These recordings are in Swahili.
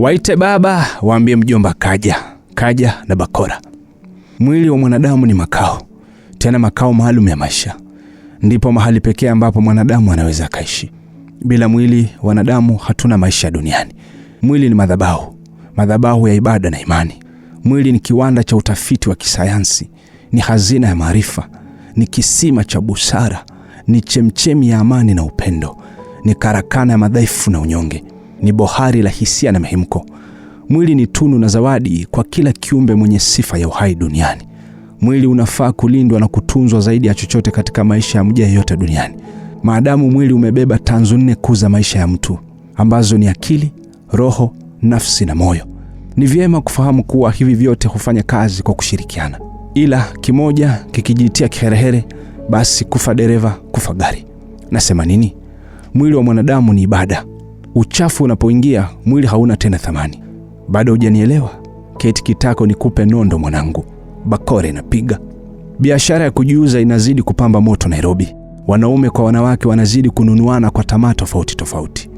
Waite baba, waambie mjomba kaja, kaja na bakora. Mwili wa mwanadamu ni makao, tena makao maalum ya maisha. Ndipo mahali pekee ambapo mwanadamu anaweza akaishi. Bila mwili wanadamu hatuna maisha duniani. Mwili ni madhabahu, madhabahu ya ibada na imani. Mwili ni kiwanda cha utafiti wa kisayansi, ni hazina ya maarifa, ni kisima cha busara, ni chemchemi ya amani na upendo, ni karakana ya madhaifu na unyonge ni bohari la hisia na mihemko. Mwili ni tunu na zawadi kwa kila kiumbe mwenye sifa ya uhai duniani. Mwili unafaa kulindwa na kutunzwa zaidi ya chochote katika maisha ya mja yeyote duniani, maadamu mwili umebeba tanzu nne kuu za maisha ya mtu ambazo ni akili, roho, nafsi na moyo. Ni vyema kufahamu kuwa hivi vyote hufanya kazi kwa kushirikiana, ila kimoja kikijitia kiherehere, basi kufa dereva, kufa gari. Nasema nini? Mwili wa mwanadamu ni ibada, Uchafu unapoingia mwili hauna tena thamani. Bado hujanielewa? Keti kitako nikupe nondo mwanangu. bakore inapiga. Biashara ya kujiuza inazidi kupamba moto Nairobi. Wanaume kwa wanawake wanazidi kununuana kwa tamaa tofauti tofauti.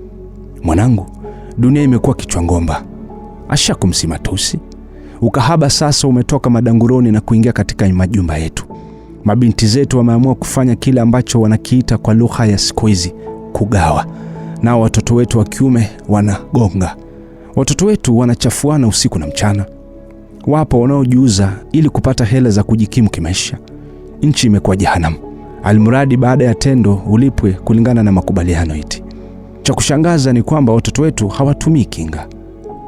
Mwanangu, dunia imekuwa kichwa ngomba. Asha tusi. Ukahaba sasa umetoka madanguroni na kuingia katika majumba yetu. Mabinti zetu wameamua kufanya kile ambacho wanakiita kwa lugha ya siku hizi kugawa nao watoto wetu wa kiume wanagonga, watoto wetu wanachafuana usiku na mchana. Wapo wanaojiuza ili kupata hela za kujikimu kimaisha. Nchi imekuwa jehanamu, almuradi baada ya tendo ulipwe kulingana na makubaliano. Eti cha kushangaza ni kwamba watoto wetu hawatumii kinga,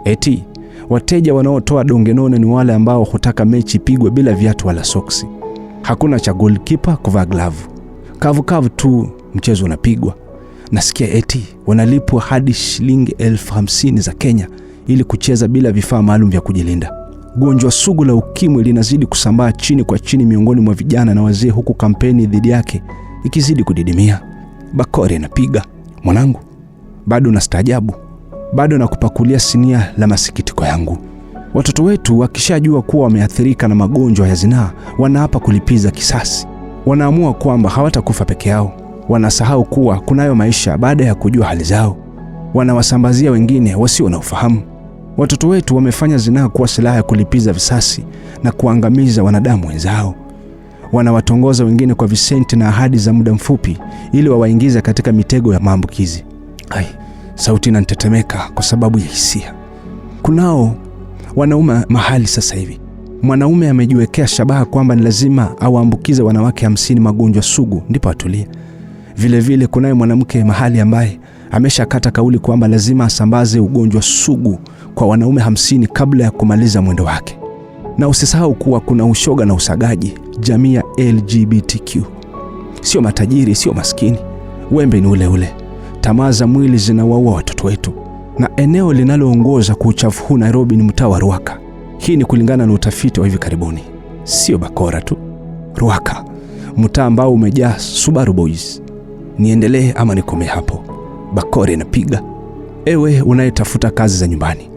eti wateja wanaotoa donge ni wale ambao hutaka mechi pigwe bila viatu wala soksi. Hakuna cha goalkeeper kuvaa glavu, kavukavu tu mchezo unapigwa nasikia eti wanalipwa hadi shilingi elfu hamsini za Kenya ili kucheza bila vifaa maalum vya kujilinda. Gonjwa sugu la ukimwi linazidi kusambaa chini kwa chini miongoni mwa vijana na wazee, huku kampeni dhidi yake ikizidi kudidimia. Bakori anapiga mwanangu, bado nastaajabu, bado nakupakulia sinia la masikitiko yangu. Watoto wetu wakishajua kuwa wameathirika na magonjwa ya zinaa, wanaapa kulipiza kisasi. Wanaamua kwamba hawatakufa peke yao wanasahau kuwa kunayo maisha baada ya kujua hali zao. Wanawasambazia wengine wasio na ufahamu. Watoto wetu wamefanya zinaa kuwa silaha ya kulipiza visasi na kuangamiza wanadamu wenzao. Wanawatongoza wengine kwa visenti na ahadi za muda mfupi ili wawaingize katika mitego ya maambukizi. Ai, sauti inanitetemeka kwa sababu ya hisia. Kunao wanaume mahali sasa hivi, mwanaume amejiwekea shabaha kwamba ni lazima awaambukize wanawake hamsini magonjwa sugu ndipo atulie. Vilevile kunaye mwanamke mahali ambaye ameshakata kauli kwamba lazima asambaze ugonjwa sugu kwa wanaume hamsini kabla ya kumaliza mwendo wake. Na usisahau kuwa kuna ushoga na usagaji, jamii ya LGBTQ. Sio matajiri, sio maskini, wembe ni ule ule. Tamaa za mwili zinawaua watoto wetu, na eneo linaloongoza kwa uchafu huu Nairobi ni mtaa wa Ruaka. Hii ni kulingana na utafiti wa hivi karibuni, sio bakora tu. Ruaka, mtaa ambao umejaa Subaru boys niendelee ama nikome hapo? Bakori anapiga. Ewe unayetafuta kazi za nyumbani,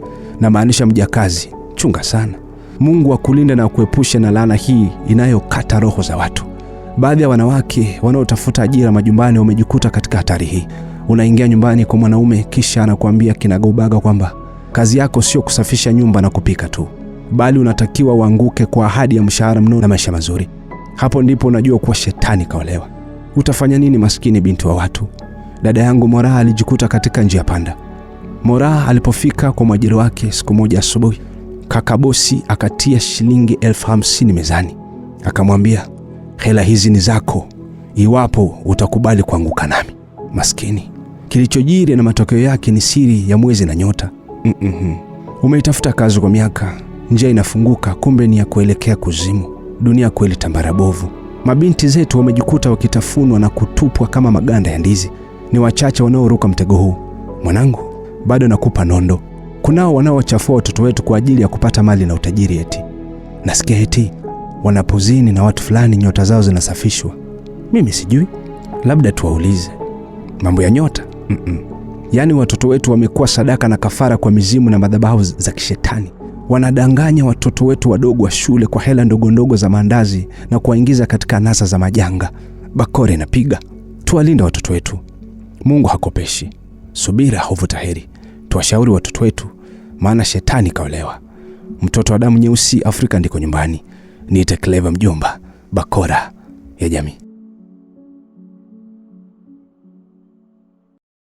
na maanisha mjakazi, chunga sana. Mungu akulinde na kuepusha na laana hii inayokata roho za watu. Baadhi ya wanawake wanaotafuta ajira majumbani wamejikuta katika hatari hii. Unaingia nyumbani kwa mwanaume, kisha anakuambia kinagaubaga kwamba kazi yako sio kusafisha nyumba na kupika tu, bali unatakiwa uanguke kwa ahadi ya mshahara mnono na maisha mazuri. Hapo ndipo unajua kuwa shetani kaolewa. Utafanya nini maskini binti wa watu? Dada yangu mora alijikuta katika njia panda. Moraa alipofika kwa mwajiri wake siku moja asubuhi, kaka bosi akatia shilingi elfu hamsini mezani, akamwambia hela hizi ni zako iwapo utakubali kuanguka nami. Maskini, kilichojiri na matokeo yake ni siri ya mwezi na nyota. Mm -mm. Umeitafuta kazi kwa miaka, njia inafunguka, kumbe ni ya kuelekea kuzimu. Dunia kweli tambara bovu. Mabinti zetu wamejikuta wakitafunwa na kutupwa kama maganda ya ndizi. Ni wachache wanaoruka mtego huu. Mwanangu, bado nakupa nondo. Kunao wanaowachafua watoto wetu kwa ajili ya kupata mali na utajiri. Eti nasikia eti wanapozini na watu fulani nyota zao zinasafishwa. Mimi sijui, labda tuwaulize mambo ya nyota. Mm -mm. Yaani watoto wetu wamekuwa sadaka na kafara kwa mizimu na madhabahu za kishetani wanadanganya watoto wetu wadogo wa shule kwa hela ndogo ndogo za maandazi na kuwaingiza katika nasa za majanga. Bakora inapiga. Tuwalinde watoto wetu, Mungu hakopeshi, subira huvuta heri. Tuwashauri watoto wetu, maana shetani kaolewa. Mtoto wa damu nyeusi, Afrika ndiko nyumbani. Niite Clever Mjomba, bakora ya jamii.